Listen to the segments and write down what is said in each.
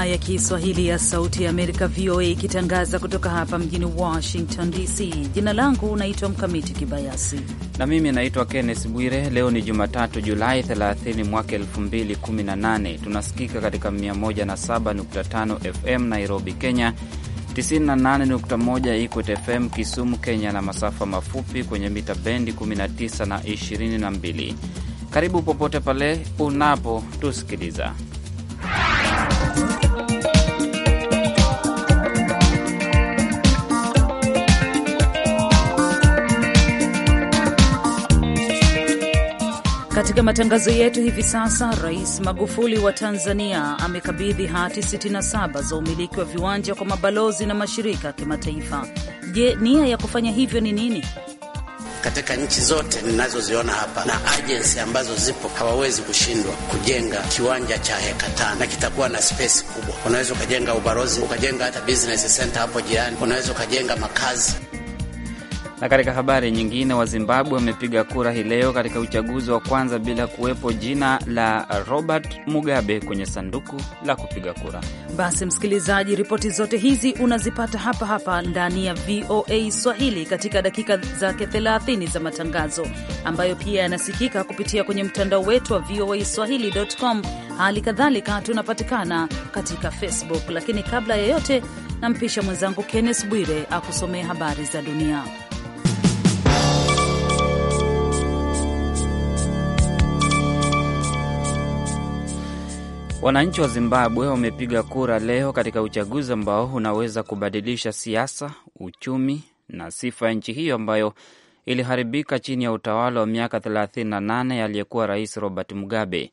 idhaa ya Kiswahili ya Sauti ya Amerika, VOA, ikitangaza kutoka hapa mjini Washington DC. Jina langu naitwa Mkamiti Kibayasi na mimi naitwa kennes Bwire. Leo ni Jumatatu, Julai 30 mwaka 2018. Tunasikika katika 107.5 FM Nairobi, Kenya, 98.1 Ikwet FM Kisumu, Kenya, na masafa mafupi kwenye mita bendi 19 na 22. Karibu popote pale unapotusikiliza Katika matangazo yetu hivi sasa, Rais Magufuli wa Tanzania amekabidhi hati 67 za umiliki wa viwanja kwa mabalozi na mashirika ya kimataifa. Je, nia ya kufanya hivyo ni nini? Katika nchi zote ninazoziona hapa na ajensi ambazo zipo, hawawezi kushindwa kujenga kiwanja cha heka tano na kitakuwa na spesi kubwa. Unaweza ukajenga ubalozi, ukajenga hata business center hapo jirani, unaweza ukajenga makazi na katika habari nyingine, wa Zimbabwe wamepiga kura hii leo katika uchaguzi wa kwanza bila kuwepo jina la Robert Mugabe kwenye sanduku la kupiga kura. Basi msikilizaji, ripoti zote hizi unazipata hapa hapa ndani ya VOA Swahili katika dakika zake 30 za matangazo ambayo pia yanasikika kupitia kwenye mtandao wetu wa VOA Swahili.com. Hali kadhalika tunapatikana katika Facebook, lakini kabla ya yote, nampisha mwenzangu Kenneth Bwire akusomee habari za dunia. Wananchi wa Zimbabwe wamepiga kura leo katika uchaguzi ambao unaweza kubadilisha siasa, uchumi na sifa ya nchi hiyo ambayo iliharibika chini ya utawala wa miaka 38 aliyekuwa Rais Robert Mugabe.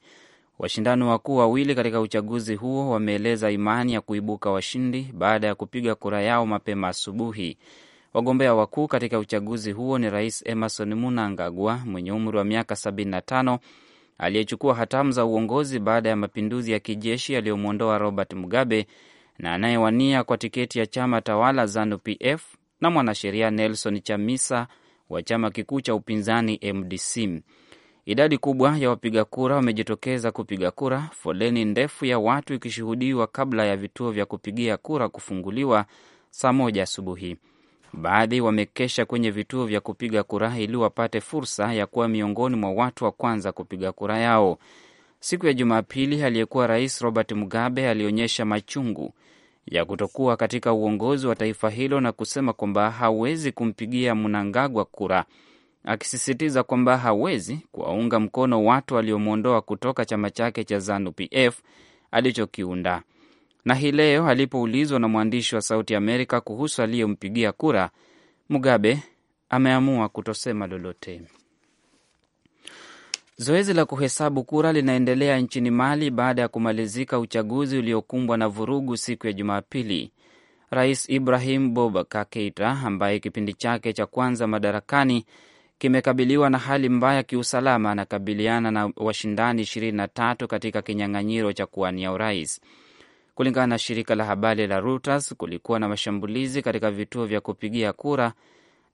Washindani wakuu wawili katika uchaguzi huo wameeleza imani ya kuibuka washindi baada ya kupiga kura yao mapema asubuhi. Wagombea wakuu katika uchaguzi huo ni Rais Emerson Mnangagwa mwenye umri wa miaka 75 aliyechukua hatamu za uongozi baada ya mapinduzi ya kijeshi yaliyomwondoa Robert Mugabe na anayewania kwa tiketi ya chama tawala ZANU-PF na mwanasheria Nelson Chamisa wa chama kikuu cha upinzani MDC. Idadi kubwa ya wapiga kura wamejitokeza kupiga kura, foleni ndefu ya watu ikishuhudiwa kabla ya vituo vya kupigia kura kufunguliwa saa moja asubuhi. Baadhi wamekesha kwenye vituo vya kupiga kura ili wapate fursa ya kuwa miongoni mwa watu wa kwanza kupiga kura yao. Siku ya Jumapili, aliyekuwa rais Robert Mugabe alionyesha machungu ya kutokuwa katika uongozi wa taifa hilo na kusema kwamba hawezi kumpigia Mnangagwa kura, akisisitiza kwamba hawezi kuwaunga mkono watu waliomwondoa kutoka chama chake cha Zanu PF alichokiunda na hii leo alipoulizwa na mwandishi wa Sauti Amerika kuhusu aliyempigia kura, Mugabe ameamua kutosema lolote. Zoezi la kuhesabu kura linaendelea nchini Mali baada ya kumalizika uchaguzi uliokumbwa na vurugu siku ya Jumapili. Rais Ibrahim Boubacar Keita ambaye kipindi chake cha kwanza madarakani kimekabiliwa na hali mbaya kiusalama, anakabiliana na washindani 23 katika kinyang'anyiro cha kuwania urais. Kulingana na shirika la habari la Reuters, kulikuwa na mashambulizi katika vituo vya kupigia kura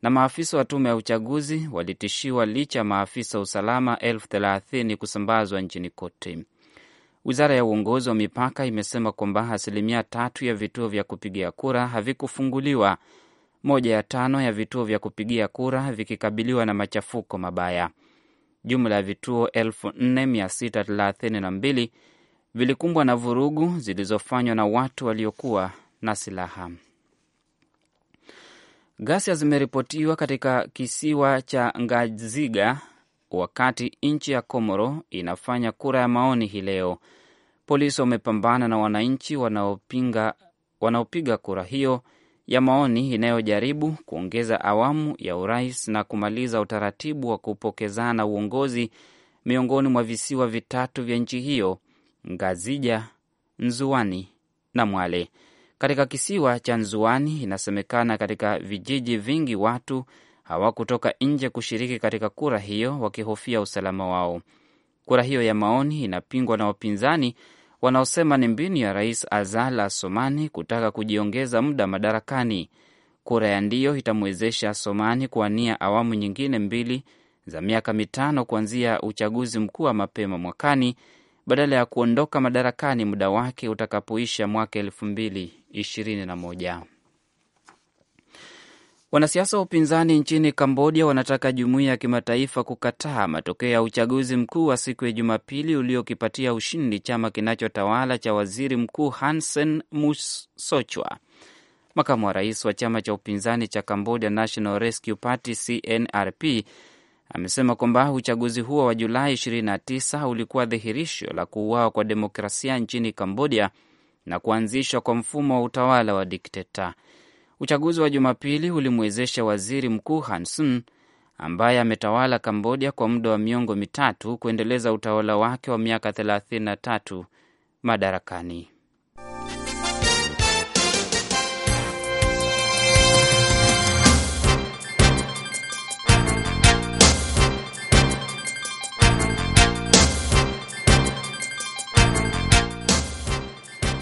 na maafisa wa tume ya uchaguzi walitishiwa licha ya maafisa usalama elfu thelathini kusambazwa nchini kote. Wizara ya uongozi wa mipaka imesema kwamba asilimia tatu ya vituo vya kupigia kura havikufunguliwa, moja ya tano ya vituo vya kupigia kura vikikabiliwa na machafuko mabaya. Jumla ya vituo elfu nne mia sita thelathini na mbili vilikumbwa na vurugu zilizofanywa na watu waliokuwa na silaha. Ghasia zimeripotiwa katika kisiwa cha Ngaziga wakati nchi ya Komoro inafanya kura ya maoni hii leo. Polisi wamepambana na wananchi wanaopinga wanaopiga kura hiyo ya maoni inayojaribu kuongeza awamu ya urais na kumaliza utaratibu wa kupokezana uongozi miongoni mwa visiwa vitatu vya nchi hiyo Ngazija, Nzuani na Mwale. Katika kisiwa cha Nzuani, inasemekana katika vijiji vingi watu hawakutoka nje kushiriki katika kura hiyo, wakihofia usalama wao. Kura hiyo ya maoni inapingwa na wapinzani wanaosema ni mbinu ya Rais Azal Asomani kutaka kujiongeza muda madarakani. Kura ya ndio itamwezesha Asomani kuwania awamu nyingine mbili za miaka mitano kuanzia uchaguzi mkuu wa mapema mwakani badala ya kuondoka madarakani muda wake utakapoisha mwaka elfu mbili ishirini na moja. Wanasiasa wa upinzani nchini Kambodia wanataka jumuiya ya kimataifa kukataa matokeo ya uchaguzi mkuu wa siku ya Jumapili uliokipatia ushindi chama kinachotawala cha waziri mkuu Hansen Musochwa. Makamu wa rais wa chama cha upinzani cha Cambodia National Rescue Party CNRP amesema kwamba uchaguzi huo wa Julai 29 ulikuwa dhihirisho la kuuawa kwa demokrasia nchini Kambodia na kuanzishwa kwa mfumo wa utawala wa dikteta. Uchaguzi wa Jumapili ulimwezesha waziri mkuu hanson ambaye ametawala Kambodia kwa muda wa miongo mitatu kuendeleza utawala wake wa miaka 33 madarakani.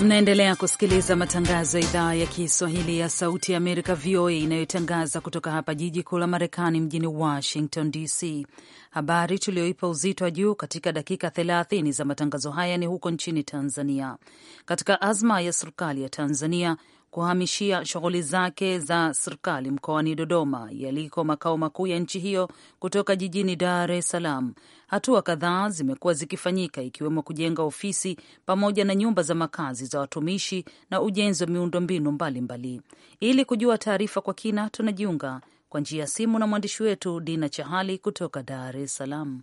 Mnaendelea kusikiliza matangazo ya idhaa ya Kiswahili ya Sauti ya Amerika, VOA, inayotangaza kutoka hapa jiji kuu la Marekani, mjini Washington DC. Habari tuliyoipa uzito wa juu katika dakika 30 za matangazo haya ni huko nchini Tanzania. Katika azma ya serikali ya Tanzania kuhamishia shughuli zake za serikali mkoani Dodoma, yaliko makao makuu ya nchi hiyo kutoka jijini Dar es Salaam. Hatua kadhaa zimekuwa zikifanyika ikiwemo kujenga ofisi pamoja na nyumba za makazi za watumishi na ujenzi wa miundombinu mbalimbali. Ili kujua taarifa kwa kina, tunajiunga kwa njia ya simu na mwandishi wetu Dina Chahali kutoka Dar es Salaam.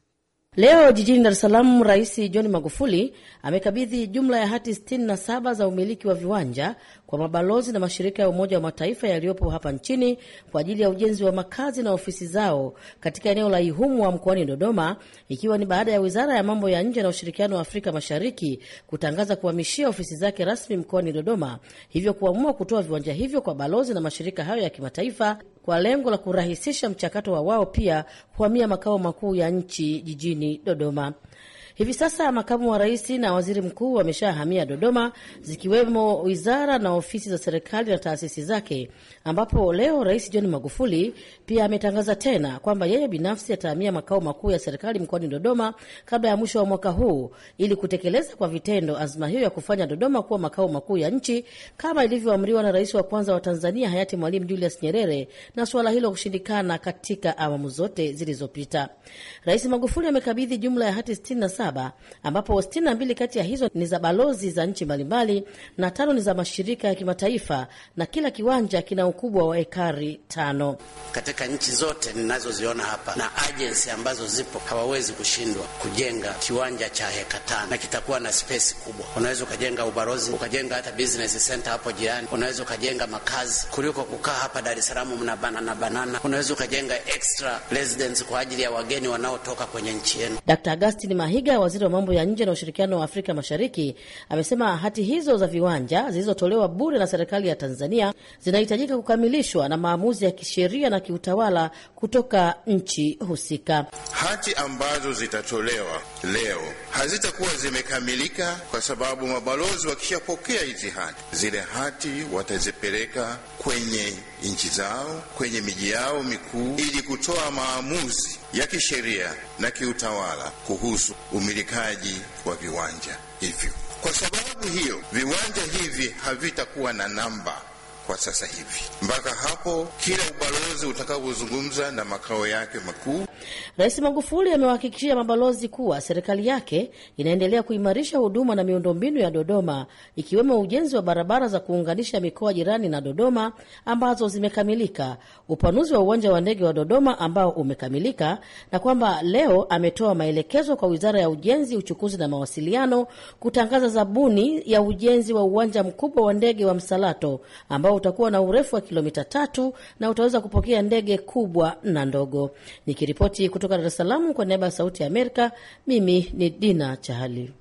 Leo jijini Dar es Salaam, Rais John Magufuli amekabidhi jumla ya hati 67 za umiliki wa viwanja kwa mabalozi na mashirika ya Umoja wa Mataifa yaliyopo hapa nchini kwa ajili ya ujenzi wa makazi na ofisi zao katika eneo la Ihumwa mkoani Dodoma, ikiwa ni baada ya Wizara ya Mambo ya Nje na Ushirikiano wa Afrika Mashariki kutangaza kuhamishia ofisi zake rasmi mkoani Dodoma, hivyo kuamua kutoa viwanja hivyo kwa balozi na mashirika hayo ya kimataifa kwa lengo la kurahisisha mchakato wa wao pia kuhamia makao makuu ya nchi jijini Dodoma. Hivi sasa makamu wa rais na waziri mkuu wameshahamia Dodoma, zikiwemo wizara na ofisi za serikali na taasisi zake, ambapo leo Rais John Magufuli pia ametangaza tena kwamba yeye binafsi atahamia makao makuu ya serikali mkoani Dodoma kabla ya mwisho wa mwaka huu ili kutekeleza kwa vitendo azma hiyo ya kufanya Dodoma kuwa makao makuu ya nchi kama ilivyoamriwa na rais wa kwanza wa Tanzania hayati Mwalimu Julius Nyerere, na suala hilo kushindikana katika awamu zote zilizopita. Rais Magufuli amekabidhi jumla ya hati saba ambapo sitini na mbili kati ya hizo ni za balozi za nchi mbalimbali na tano ni za mashirika ya kimataifa na kila kiwanja kina ukubwa wa ekari tano. Katika nchi zote ninazoziona hapa na ajensi ambazo zipo hawawezi kushindwa kujenga kiwanja cha heka tano na kitakuwa na spesi kubwa. Unaweza ukajenga ubalozi ukajenga hata business center hapo jirani, unaweza ukajenga makazi kuliko kukaa hapa Dar es Salaam banana banana. Unaweza ukajenga extra residence kwa ajili ya wageni wanaotoka kwenye nchi yenu. Dr. Agustin Mahiga Ulaya, waziri wa mambo ya nje na ushirikiano wa Afrika Mashariki amesema hati hizo za viwanja zilizotolewa bure na serikali ya Tanzania zinahitajika kukamilishwa na maamuzi ya kisheria na kiutawala kutoka nchi husika. Hati ambazo zitatolewa leo hazitakuwa zimekamilika, kwa sababu mabalozi wakishapokea hizi hati, zile hati watazipeleka kwenye nchi zao kwenye miji yao mikuu ili kutoa maamuzi ya kisheria na kiutawala kuhusu umilikaji wa viwanja hivyo. Kwa sababu hiyo, viwanja hivi havitakuwa na namba kwa sasa hivi mpaka hapo kila ubalozi utakaozungumza na makao yake makuu. Rais Magufuli amewahakikishia mabalozi kuwa serikali yake inaendelea kuimarisha huduma na miundombinu ya Dodoma, ikiwemo ujenzi wa barabara za kuunganisha mikoa jirani na Dodoma ambazo zimekamilika, upanuzi wa uwanja wa ndege wa Dodoma ambao umekamilika, na kwamba leo ametoa maelekezo kwa Wizara ya Ujenzi, Uchukuzi na Mawasiliano kutangaza zabuni ya ujenzi wa uwanja mkubwa wa ndege wa Msalato ambao utakuwa na urefu wa kilomita tatu na utaweza kupokea ndege kubwa na ndogo. Nikiripoti kutoka Dar es Salaam kwa niaba ya Sauti ya Amerika, mimi ni Dina Chahali.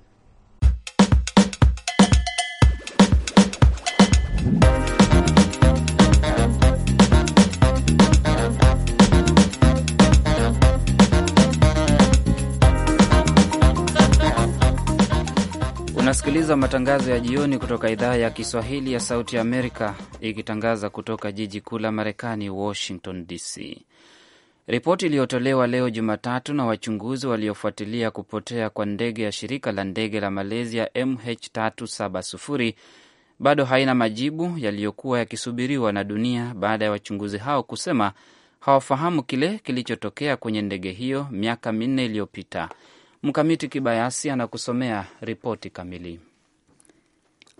Unasikiliza matangazo ya jioni kutoka idhaa ya Kiswahili ya Sauti ya Amerika ikitangaza kutoka jiji kuu la Marekani, Washington DC. Ripoti iliyotolewa leo Jumatatu na wachunguzi waliofuatilia kupotea kwa ndege ya shirika la ndege la Malaysia MH370 bado haina majibu yaliyokuwa yakisubiriwa na dunia baada ya wachunguzi hao kusema hawafahamu kile kilichotokea kwenye ndege hiyo miaka minne iliyopita. Mkamiti Kibayasi anakusomea ripoti kamili.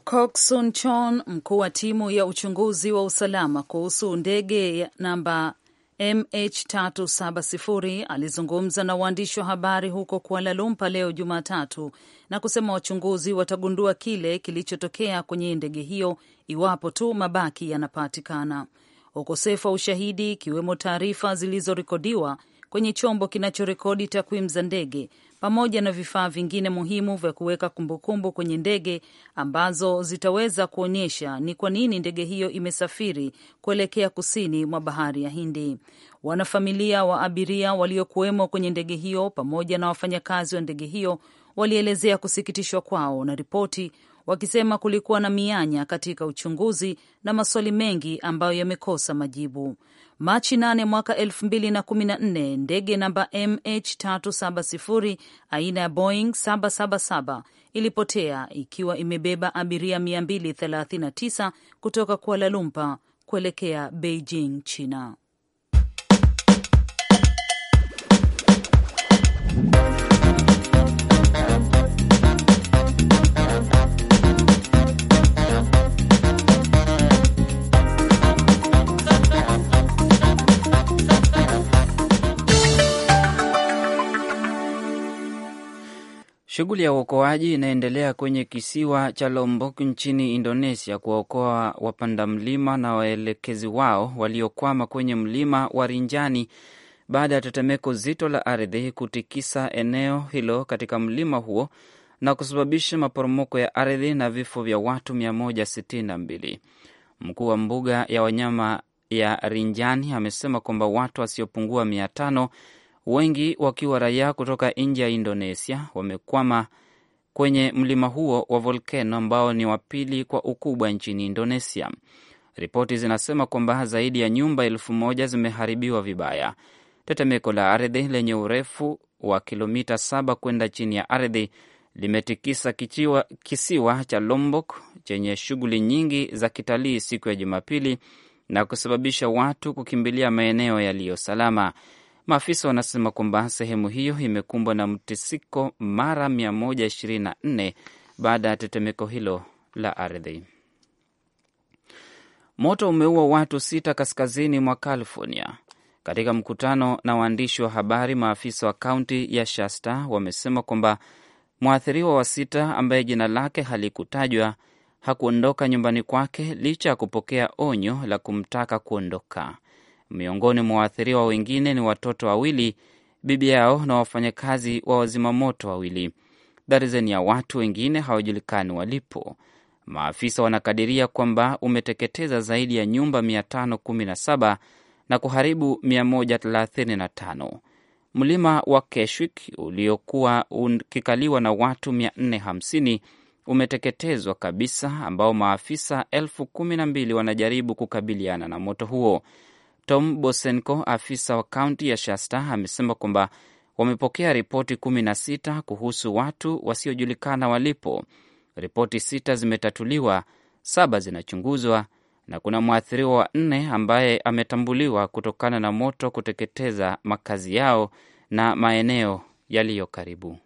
Kok Sun Chon, mkuu wa timu ya uchunguzi wa usalama kuhusu ndege namba MH370 alizungumza na waandishi wa habari huko Kuala Lumpur leo Jumatatu na kusema wachunguzi watagundua kile kilichotokea kwenye ndege hiyo iwapo tu mabaki yanapatikana. Ukosefu wa ushahidi, ikiwemo taarifa zilizorekodiwa kwenye chombo kinachorekodi takwimu za ndege, pamoja na vifaa vingine muhimu vya kuweka kumbukumbu kwenye ndege ambazo zitaweza kuonyesha ni kwa nini ndege hiyo imesafiri kuelekea kusini mwa bahari ya Hindi. Wanafamilia wa abiria waliokuwemo kwenye ndege hiyo pamoja na wafanyakazi wa ndege hiyo walielezea kusikitishwa kwao na ripoti wakisema kulikuwa na mianya katika uchunguzi na maswali mengi ambayo yamekosa majibu. Machi 8 mwaka 2014 ndege namba MH370 aina ya Boeing 777 ilipotea ikiwa imebeba abiria 239 kutoka Kuala Lumpur kuelekea Beijing, China. Shughuli ya uokoaji inaendelea kwenye kisiwa cha Lombok nchini Indonesia kuwaokoa wapanda mlima na waelekezi wao waliokwama kwenye mlima wa Rinjani baada ya tetemeko zito la ardhi kutikisa eneo hilo katika mlima huo na kusababisha maporomoko ya ardhi na vifo vya watu 162. Mkuu wa mbuga ya wanyama ya Rinjani amesema kwamba watu wasiopungua mia tano wengi wakiwa raia kutoka nje ya Indonesia wamekwama kwenye mlima huo wa volkeno ambao ni wa pili kwa ukubwa nchini Indonesia. Ripoti zinasema kwamba zaidi ya nyumba elfu moja zimeharibiwa vibaya. Tetemeko la ardhi lenye urefu wa kilomita saba kwenda chini ya ardhi limetikisa kichiwa, kisiwa cha Lombok chenye shughuli nyingi za kitalii siku ya Jumapili na kusababisha watu kukimbilia maeneo yaliyo salama. Maafisa wanasema kwamba sehemu hiyo imekumbwa na mtisiko mara 124 baada ya tetemeko hilo la ardhi. Moto umeua watu sita kaskazini mwa California. Katika mkutano na waandishi wa habari, maafisa wa kaunti ya Shasta wamesema kwamba mwathiriwa wa sita ambaye jina lake halikutajwa hakuondoka nyumbani kwake licha ya kupokea onyo la kumtaka kuondoka. Miongoni mwa waathiriwa wengine ni watoto wawili, bibi yao na wafanyakazi wa wazimamoto wawili. Darzeni ya watu wengine hawajulikani walipo. Maafisa wanakadiria kwamba umeteketeza zaidi ya nyumba 517 na kuharibu 135. Mlima wa keshwik uliokuwa ukikaliwa na watu 450 umeteketezwa kabisa, ambao maafisa elfu kumi na mbili wanajaribu kukabiliana na moto huo. Tom Bosenko, afisa wa kaunti ya Shasta, amesema kwamba wamepokea ripoti kumi na sita kuhusu watu wasiojulikana walipo. Ripoti sita zimetatuliwa, saba zinachunguzwa na kuna mwathiriwa wa nne ambaye ametambuliwa kutokana na moto kuteketeza makazi yao na maeneo yaliyo karibu.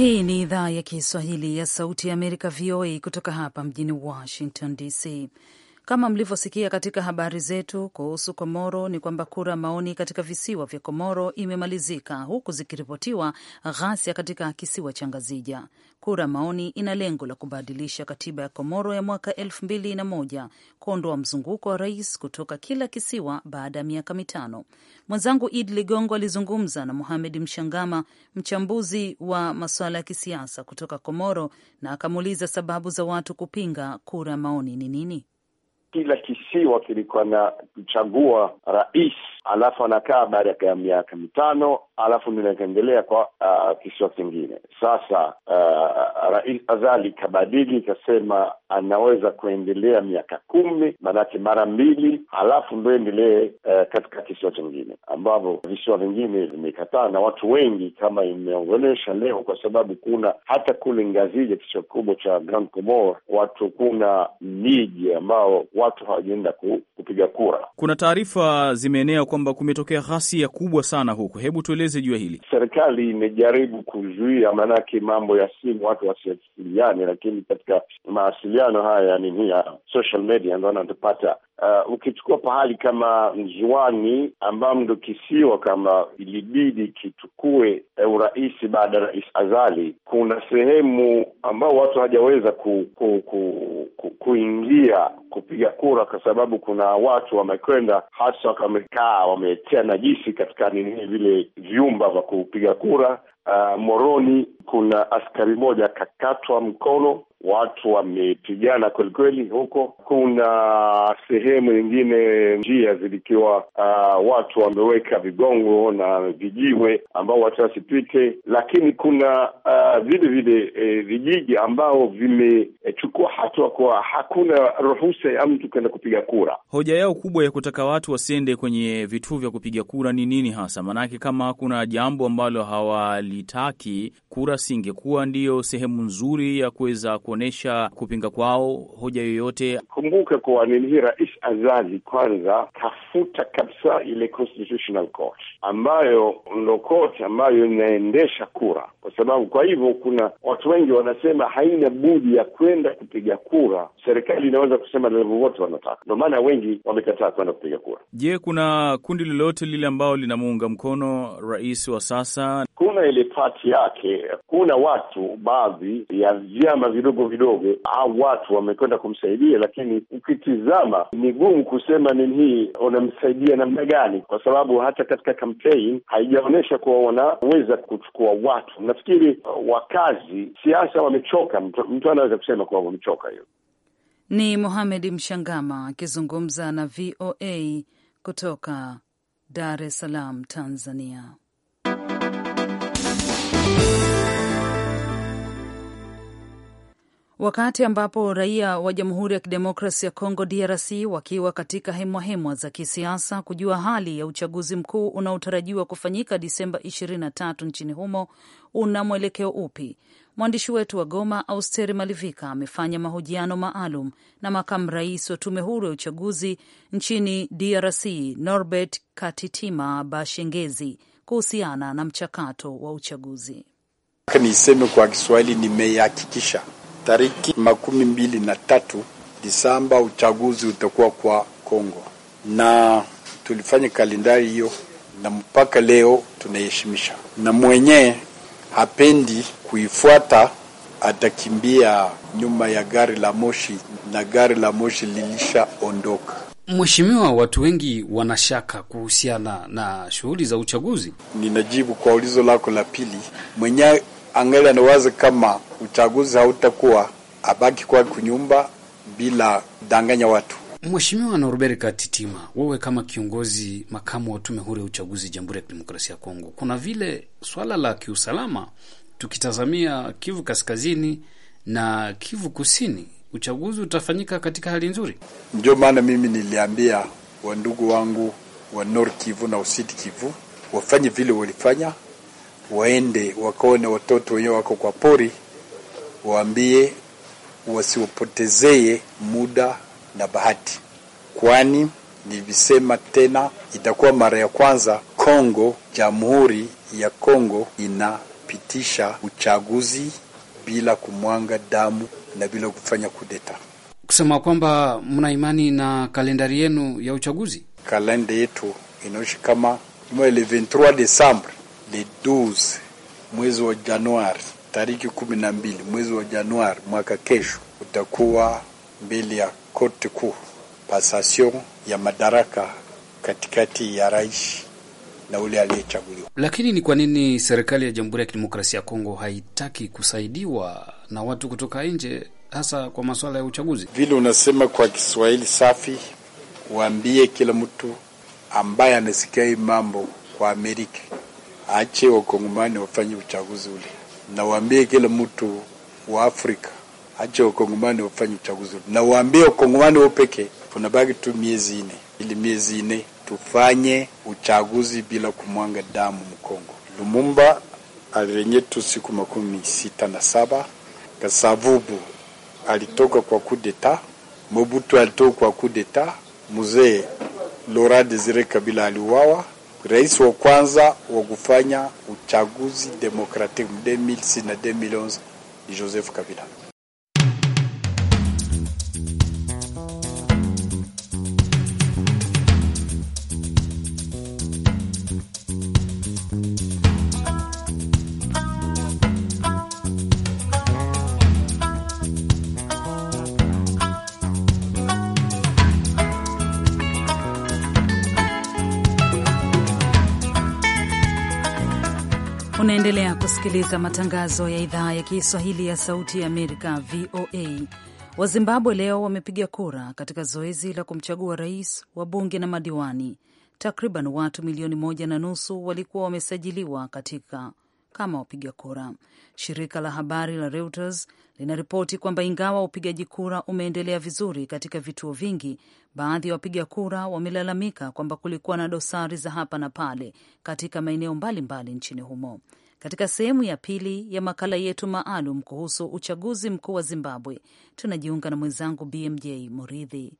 Hii ni idhaa ya Kiswahili ya Sauti ya Amerika, VOA, kutoka hapa mjini Washington DC. Kama mlivyosikia katika habari zetu kuhusu Komoro ni kwamba kura maoni katika visiwa vya Komoro imemalizika huku zikiripotiwa ghasia katika kisiwa cha Ngazija. Kura maoni ina lengo la kubadilisha katiba ya Komoro ya mwaka elfu mbili na moja kuondoa mzunguko wa rais kutoka kila kisiwa baada ya miaka mitano. Mwenzangu Id Ligongo alizungumza na Muhamed Mshangama, mchambuzi wa masuala ya kisiasa kutoka Komoro, na akamuuliza sababu za watu kupinga kura maoni ni nini kila kisiwa kilikuwa na kuchagua rais alafu anakaa baada ya miaka mitano, alafu ndio kwa uh, kisiwa kingine. Sasa uh, Rais Azali kabadili ikasema anaweza kuendelea miaka kumi, maanake mara mbili, alafu ndio endelee uh, katika kisiwa chingine, ambavyo visiwa vingine vimekataa na watu wengi, kama imeongelesha leo, kwa sababu kuna hata kule Ngazija, kisiwa kikubwa cha Grand Comore, watu kuna miji ambao watu hawajaenda kupiga kura. Kuna taarifa zimeenea kwamba kumetokea ghasia kubwa sana huku. Hebu tueleze juu ya hili. Serikali imejaribu kuzuia, maanake mambo ya simu watu wasiasiliane, lakini katika mawasiliano haya nini ya social media ndo anatupata. Uh, ukichukua pahali kama Mzwani ambamo ndo kisiwa kama ilibidi kichukue eh, urahisi baada ya Rais Azali, kuna sehemu ambao watu hawajaweza ku, ku, ku, ku, kuingia kupiga kura kwa sababu kuna watu wamekwenda hasa wakamekaa Ah, wametia najisi katika nini vile vyumba vya kupiga kura. Uh, Moroni kuna askari moja akakatwa mkono watu wamepigana kwelikweli huko. Kuna sehemu nyingine njia zilikiwa, uh, watu wameweka vigongo na vijiwe ambao watu wasipite, lakini kuna uh, vile vile eh, vijiji ambao vimechukua eh, hatua kuwa hakuna ruhusa ya mtu kwenda kupiga kura. Hoja yao kubwa ya kutaka watu wasiende kwenye vituo vya kupiga kura ni nini hasa? Maanake kama kuna jambo ambalo hawalitaki, kura singekuwa ndiyo sehemu nzuri ya kuweza ku kuonyesha kupinga kwao hoja yoyote? Kumbuke kuwa nini hii Rais Azali kwanza tafuta kabisa ile Constitutional Court ambayo ndo koti ambayo inaendesha kura, kwa sababu kwa hivyo kuna watu wengi wanasema haina budi ya kwenda kupiga kura, serikali inaweza kusema na wanataka, ndo maana wengi wamekataa kwenda kupiga kura. Je, kuna kundi lolote lile ambao linamuunga mkono rais wa sasa? Kuna ile pati yake, kuna watu baadhi ya vyama vidogo vidogo vidogo au watu wamekwenda kumsaidia, lakini ukitizama ni gumu kusema nini hii wanamsaidia namna gani, kwa sababu hata katika campaign haijaonyesha kuwa wanaweza kuchukua watu. Nafikiri uh, wakazi siasa wamechoka, mtu, mtu anaweza kusema kuwa wamechoka. Hiyo ni Mohamed Mshangama akizungumza na VOA kutoka Dar es Salaam, Tanzania. wakati ambapo raia wa Jamhuri ya Kidemokrasi ya Kongo DRC wakiwa katika hemwahemwa za kisiasa kujua hali ya uchaguzi mkuu unaotarajiwa kufanyika Disemba 23 nchini humo una mwelekeo upi. Mwandishi wetu wa Goma, Austeri Malivika, amefanya mahojiano maalum na makamu rais wa tume huru ya uchaguzi nchini DRC Norbert Katitima Bashengezi kuhusiana na mchakato wa uchaguzi. Niseme kwa Kiswahili, nimehakikisha tariki makumi mbili na tatu Disamba uchaguzi utakuwa kwa Kongo, na tulifanya kalendari hiyo, na mpaka leo tunaheshimisha, na mwenye hapendi kuifuata atakimbia nyuma ya gari la moshi, na gari la moshi lilishaondoka. Mheshimiwa, watu wengi wanashaka kuhusiana na shughuli za uchaguzi. Ninajibu kwa ulizo lako la pili, mwenye angali anawaza kama uchaguzi hautakuwa, abaki kwa kunyumba bila danganya watu. Mheshimiwa Norbert Katitima, wewe kama kiongozi makamu wa tume huru ya uchaguzi Jamhuri ya Kidemokrasia ya Kongo, kuna vile swala la kiusalama tukitazamia Kivu Kaskazini na Kivu Kusini, uchaguzi utafanyika katika hali nzuri. Ndio maana mimi niliambia wandugu wangu wa Nord Kivu na Usiti Kivu wafanye vile walifanya, waende wakaone watoto wenyewe wako kwa pori waambie wasiopotezee muda na bahati, kwani nilisema tena, itakuwa mara ya kwanza Kongo, Jamhuri ya Kongo inapitisha uchaguzi bila kumwanga damu na bila kufanya kudeta, kusema kwamba mna imani na kalendari yenu ya uchaguzi. Kalenda yetu inaoshi kama mwele 23 Desembre le 12 mwezi wa Januari tariki kumi na mbili mwezi wa Januari mwaka kesho, utakuwa mbele ya koti kuu pasasio ya madaraka katikati ya rais na ule aliyechaguliwa. Lakini ni kwa nini serikali ya Jamhuri ya Kidemokrasia ya Kongo haitaki kusaidiwa na watu kutoka nje, hasa kwa masuala ya uchaguzi? Vile unasema kwa Kiswahili safi, waambie kila mtu ambaye anasikia hii mambo kwa Amerika aache wakongomani wafanye uchaguzi ule Nawaambie kila mtu wa Afrika acha wakongomani wafanye uchaguzi. Nawaambie wakongomani wao pekee, tunabaki tu miezi nne, ili miezi nne tufanye uchaguzi bila kumwanga damu Mkongo. Lumumba alirenyetu siku makumi sita na saba. Kasavubu alitoka kwa kudeta, Mobutu alitoka kwa kudeta, mzee Lora Desire Kabila aliuawa rais wa kwanza wa kufanya uchaguzi demokratiki 2006 na 2011 ni Joseph Kabila. kusikiliza matangazo ya idhaa ya Kiswahili ya Sauti ya Amerika, VOA. Wazimbabwe leo wamepiga kura katika zoezi la kumchagua rais, wabunge na madiwani. Takriban watu milioni moja na nusu walikuwa wamesajiliwa katika kama wapiga kura. Shirika la habari la Reuters linaripoti kwamba ingawa upigaji kura umeendelea vizuri katika vituo vingi, baadhi ya wapiga kura wamelalamika kwamba kulikuwa na dosari za hapa na pale katika maeneo mbalimbali nchini humo. Katika sehemu ya pili ya makala yetu maalum kuhusu uchaguzi mkuu wa Zimbabwe, tunajiunga na mwenzangu BMJ Muridhi.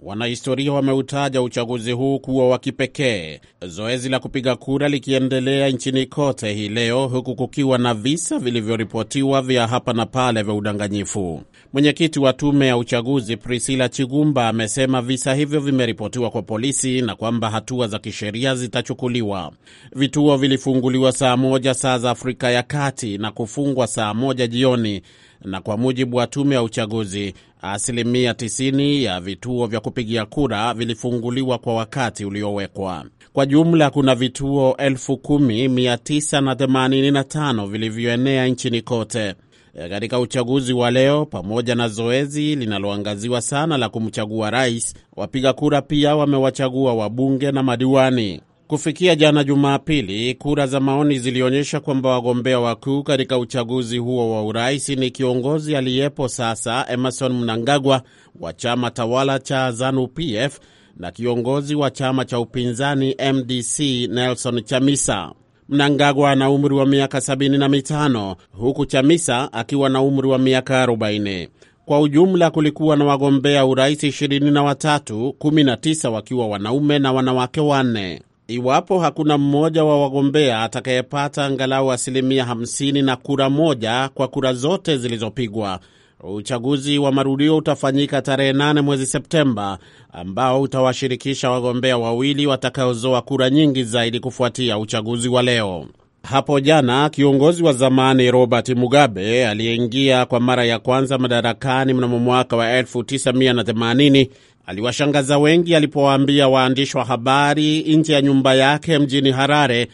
Wanahistoria wameutaja uchaguzi huu kuwa wa kipekee, zoezi la kupiga kura likiendelea nchini kote hii leo, huku kukiwa na visa vilivyoripotiwa vya hapa na pale vya udanganyifu. Mwenyekiti wa tume ya uchaguzi Priscilla Chigumba amesema visa hivyo vimeripotiwa kwa polisi na kwamba hatua za kisheria zitachukuliwa. Vituo vilifunguliwa saa moja saa za Afrika ya Kati na kufungwa saa moja jioni, na kwa mujibu wa tume ya uchaguzi, asilimia 90 ya vituo vya kupigia kura vilifunguliwa kwa wakati uliowekwa. Kwa jumla kuna vituo 10,985 vilivyoenea nchini kote. Eh, katika uchaguzi wa leo, pamoja na zoezi linaloangaziwa sana la kumchagua rais, wapiga kura pia wamewachagua wabunge na madiwani. Kufikia jana Jumapili, kura za maoni zilionyesha kwamba wagombea wakuu katika uchaguzi huo wa urais ni kiongozi aliyepo sasa Emerson Mnangagwa wa chama tawala cha ZANU PF na kiongozi wa chama cha upinzani MDC Nelson Chamisa. Mnangagwa ana umri wa miaka 75 huku Chamisa akiwa na umri wa miaka 40. Kwa ujumla kulikuwa na wagombea urais 23 19 wakiwa wanaume na wanawake wanne. Iwapo hakuna mmoja wa wagombea atakayepata angalau asilimia 50 na kura moja kwa kura zote zilizopigwa Uchaguzi wa marudio utafanyika tarehe 8 mwezi Septemba, ambao utawashirikisha wagombea wawili watakaozoa kura nyingi zaidi kufuatia uchaguzi wa leo. Hapo jana kiongozi wa zamani Robert Mugabe aliyeingia kwa mara ya kwanza madarakani mnamo mwaka wa 1980 aliwashangaza wengi alipowaambia waandishi wa habari nje ya nyumba yake mjini Harare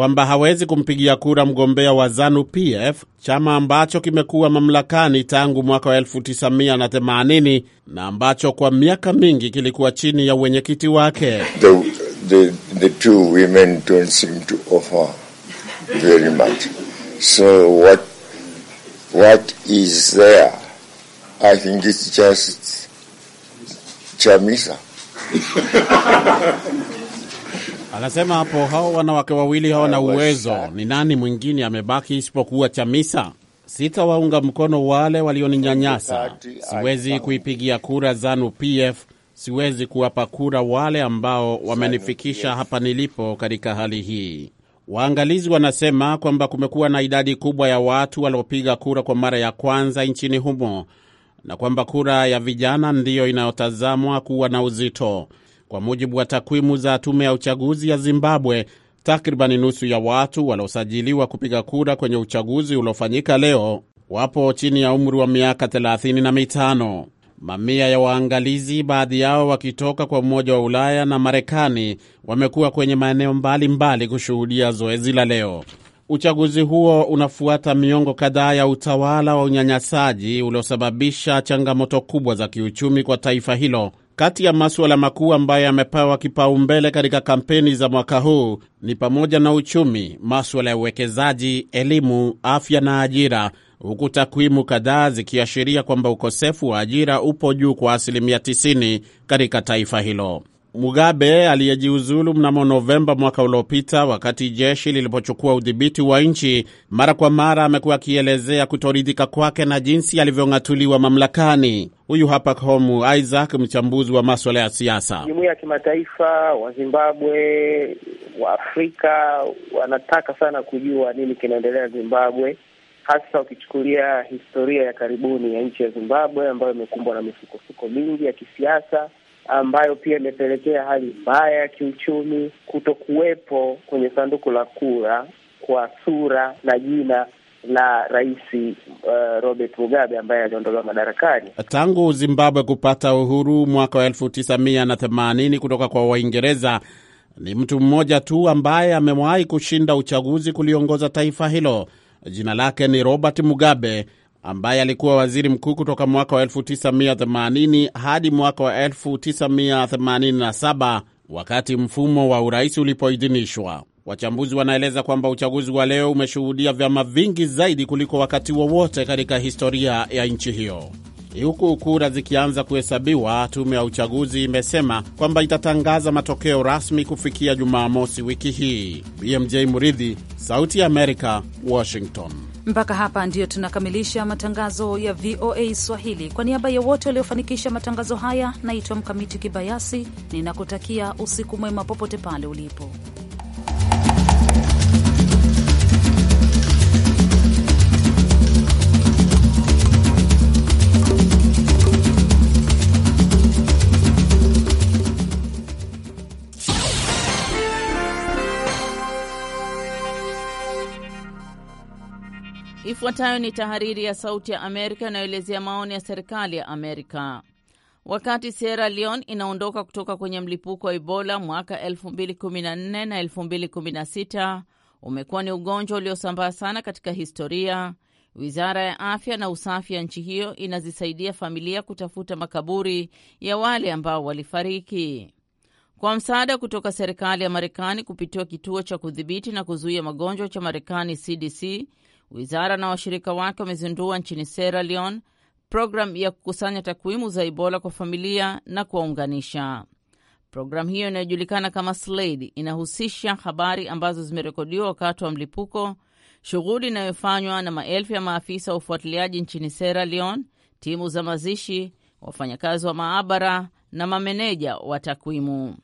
kwamba hawezi kumpigia kura mgombea wa ZANU-PF, chama ambacho kimekuwa mamlakani tangu mwaka wa 1980 na ambacho kwa miaka mingi kilikuwa chini ya uwenyekiti wake. The, the, the two women don't seem to offer very much. So what, what is there? I think it's just Chamisa. Anasema hapo hao wanawake wawili hawana uwezo, ni nani mwingine amebaki isipokuwa Chamisa? Sitawaunga mkono wale walioninyanyasa, siwezi kuipigia kura Zanu PF, siwezi kuwapa kura wale ambao wamenifikisha hapa nilipo katika hali hii. Waangalizi wanasema kwamba kumekuwa na idadi kubwa ya watu waliopiga kura kwa mara ya kwanza nchini humo na kwamba kura ya vijana ndiyo inayotazamwa kuwa na uzito. Kwa mujibu wa takwimu za tume ya uchaguzi ya Zimbabwe, takribani nusu ya watu waliosajiliwa kupiga kura kwenye uchaguzi uliofanyika leo wapo chini ya umri wa miaka 35 Mamia ya waangalizi, baadhi yao wakitoka kwa Umoja wa Ulaya na Marekani, wamekuwa kwenye maeneo mbalimbali kushuhudia zoezi la leo. Uchaguzi huo unafuata miongo kadhaa ya utawala wa unyanyasaji uliosababisha changamoto kubwa za kiuchumi kwa taifa hilo kati ya masuala makuu ambayo yamepewa kipaumbele katika kampeni za mwaka huu ni pamoja na uchumi, maswala ya uwekezaji, elimu, afya na ajira, huku takwimu kadhaa zikiashiria kwamba ukosefu wa ajira upo juu kwa asilimia 90 katika taifa hilo. Mugabe aliyejiuzulu mnamo Novemba mwaka uliopita wakati jeshi lilipochukua udhibiti wa nchi, mara kwa mara amekuwa akielezea kutoridhika kwake na jinsi alivyong'atuliwa mamlakani. Huyu hapa Homu Isaac, mchambuzi wa maswala ya siasa. Jumuiya ya kimataifa, wa Zimbabwe, wa Afrika wanataka sana kujua nini kinaendelea Zimbabwe, hasa ukichukulia historia ya karibuni ya nchi ya Zimbabwe ambayo imekumbwa na misukosuko mingi ya kisiasa ambayo pia imepelekea hali mbaya ya kiuchumi, kutokuwepo kwenye sanduku la kura kwa sura na jina la rais uh, Robert Mugabe ambaye aliondolewa madarakani tangu Zimbabwe kupata uhuru mwaka wa elfu tisa mia na themanini kutoka kwa Waingereza. Ni mtu mmoja tu ambaye amewahi kushinda uchaguzi kuliongoza taifa hilo. Jina lake ni Robert Mugabe ambaye alikuwa waziri mkuu kutoka mwaka wa 1980 hadi mwaka wa 1987 wakati mfumo wa urais ulipoidhinishwa. Wachambuzi wanaeleza kwamba uchaguzi wa leo umeshuhudia vyama vingi zaidi kuliko wakati wowote wa katika historia ya nchi hiyo. Huku kura zikianza kuhesabiwa, tume ya uchaguzi imesema kwamba itatangaza matokeo rasmi kufikia Jumamosi wiki hii. BMJ Muridhi, Sauti ya Amerika, Washington. Mpaka hapa ndiyo tunakamilisha matangazo ya VOA Swahili. Kwa niaba ya wote waliofanikisha matangazo haya, naitwa Mkamiti Kibayasi, ninakutakia usiku mwema popote pale ulipo. Ifuatayo ni tahariri ya Sauti ya Amerika inayoelezea maoni ya serikali ya Amerika. Wakati Sierra Leone inaondoka kutoka kwenye mlipuko wa Ebola mwaka 2014 na 2016 umekuwa ni ugonjwa uliosambaa sana katika historia. Wizara ya afya na usafi ya nchi hiyo inazisaidia familia kutafuta makaburi ya wale ambao walifariki kwa msaada kutoka serikali ya Marekani kupitia kituo cha kudhibiti na kuzuia magonjwa cha Marekani, CDC. Wizara na washirika wake wamezindua nchini Sierra Leone programu ya kukusanya takwimu za Ebola kwa familia na kuwaunganisha. Programu hiyo inayojulikana kama SLADE inahusisha habari ambazo zimerekodiwa wakati wa mlipuko, shughuli inayofanywa na maelfu ya maafisa wa ufuatiliaji nchini Sierra Leone, timu za mazishi, wafanyakazi wa maabara na mameneja wa takwimu.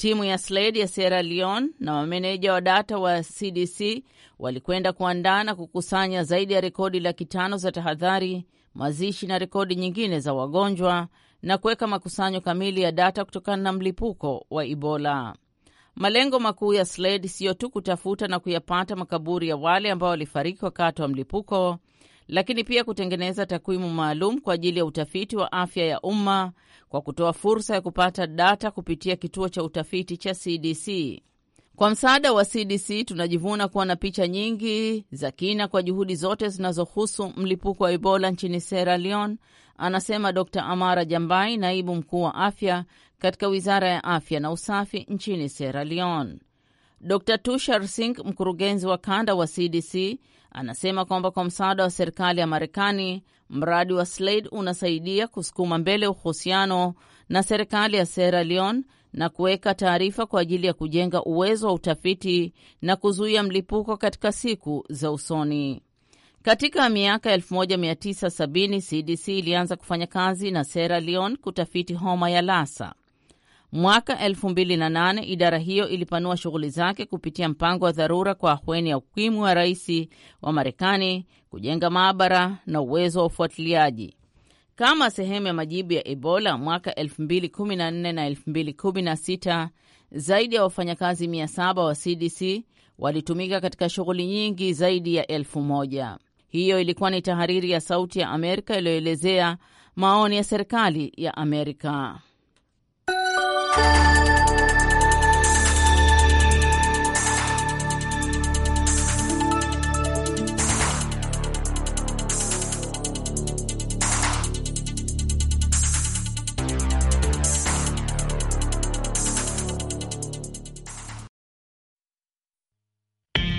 Timu ya Slade ya Sierra Leone na wameneja wa data wa CDC walikwenda kuandaa na kukusanya zaidi ya rekodi laki tano za tahadhari, mazishi na rekodi nyingine za wagonjwa na kuweka makusanyo kamili ya data kutokana na mlipuko wa Ebola. Malengo makuu ya Slade siyo tu kutafuta na kuyapata makaburi ya wale ambao walifariki wakati wa mlipuko, lakini pia kutengeneza takwimu maalum kwa ajili ya utafiti wa afya ya umma kwa kutoa fursa ya kupata data kupitia kituo cha utafiti cha CDC. Kwa msaada wa CDC tunajivuna kuwa na picha nyingi za kina kwa juhudi zote zinazohusu mlipuko wa Ebola nchini Sierra Leone, anasema Dr. Amara Jambai, naibu mkuu wa afya katika Wizara ya Afya na Usafi nchini Sierra Leone. Dr. Tushar Singh, mkurugenzi wa kanda wa CDC, Anasema kwamba kwa msaada wa serikali ya Marekani, mradi wa Slade unasaidia kusukuma mbele uhusiano na serikali ya Sierra Leone na kuweka taarifa kwa ajili ya kujenga uwezo wa utafiti na kuzuia mlipuko katika siku za usoni. Katika miaka 1970 CDC ilianza kufanya kazi na Sierra Leone kutafiti homa ya Lassa. Mwaka 2008 idara hiyo ilipanua shughuli zake kupitia mpango wa dharura kwa hweni ya ukimwi wa rais wa Marekani, kujenga maabara na uwezo wa ufuatiliaji. Kama sehemu ya majibu ya Ebola mwaka 2014 na 2016, zaidi ya wafanyakazi 700 wa CDC walitumika katika shughuli nyingi zaidi ya elfu moja. Hiyo ilikuwa ni tahariri ya Sauti ya Amerika iliyoelezea maoni ya serikali ya Amerika. Bye.